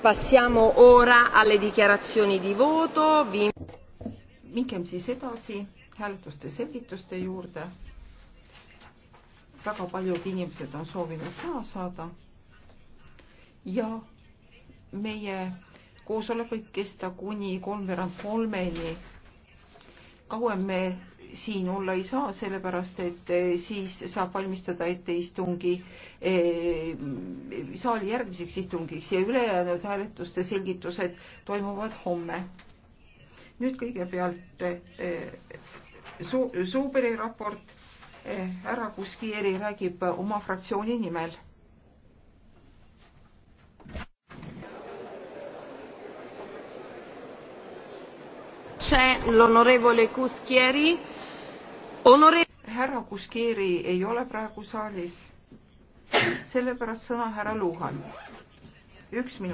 Passiamo ora alle dichiarazioni di voto. Vi... Minkem siis edasi hääletuste selgituste juurde. Väga paljud inimesed on soovinud sõna saada. Ja meie koosolek võib kesta kuni kolmveerand kolmeni. Kauem me siin olla ei saa, sellepärast et eh, siis saab valmistada ette istungi eh, saali järgmiseks istungiks ja ülejäänud hääletuste selgitused toimuvad homme. nüüd kõigepealt eh, Su-, Suuberi raport, eh, härra Kuskieri räägib oma fraktsiooni nimel härra Kuskieri ei ole praegu saalis sellepärast sõna härra Luhan. üks minut.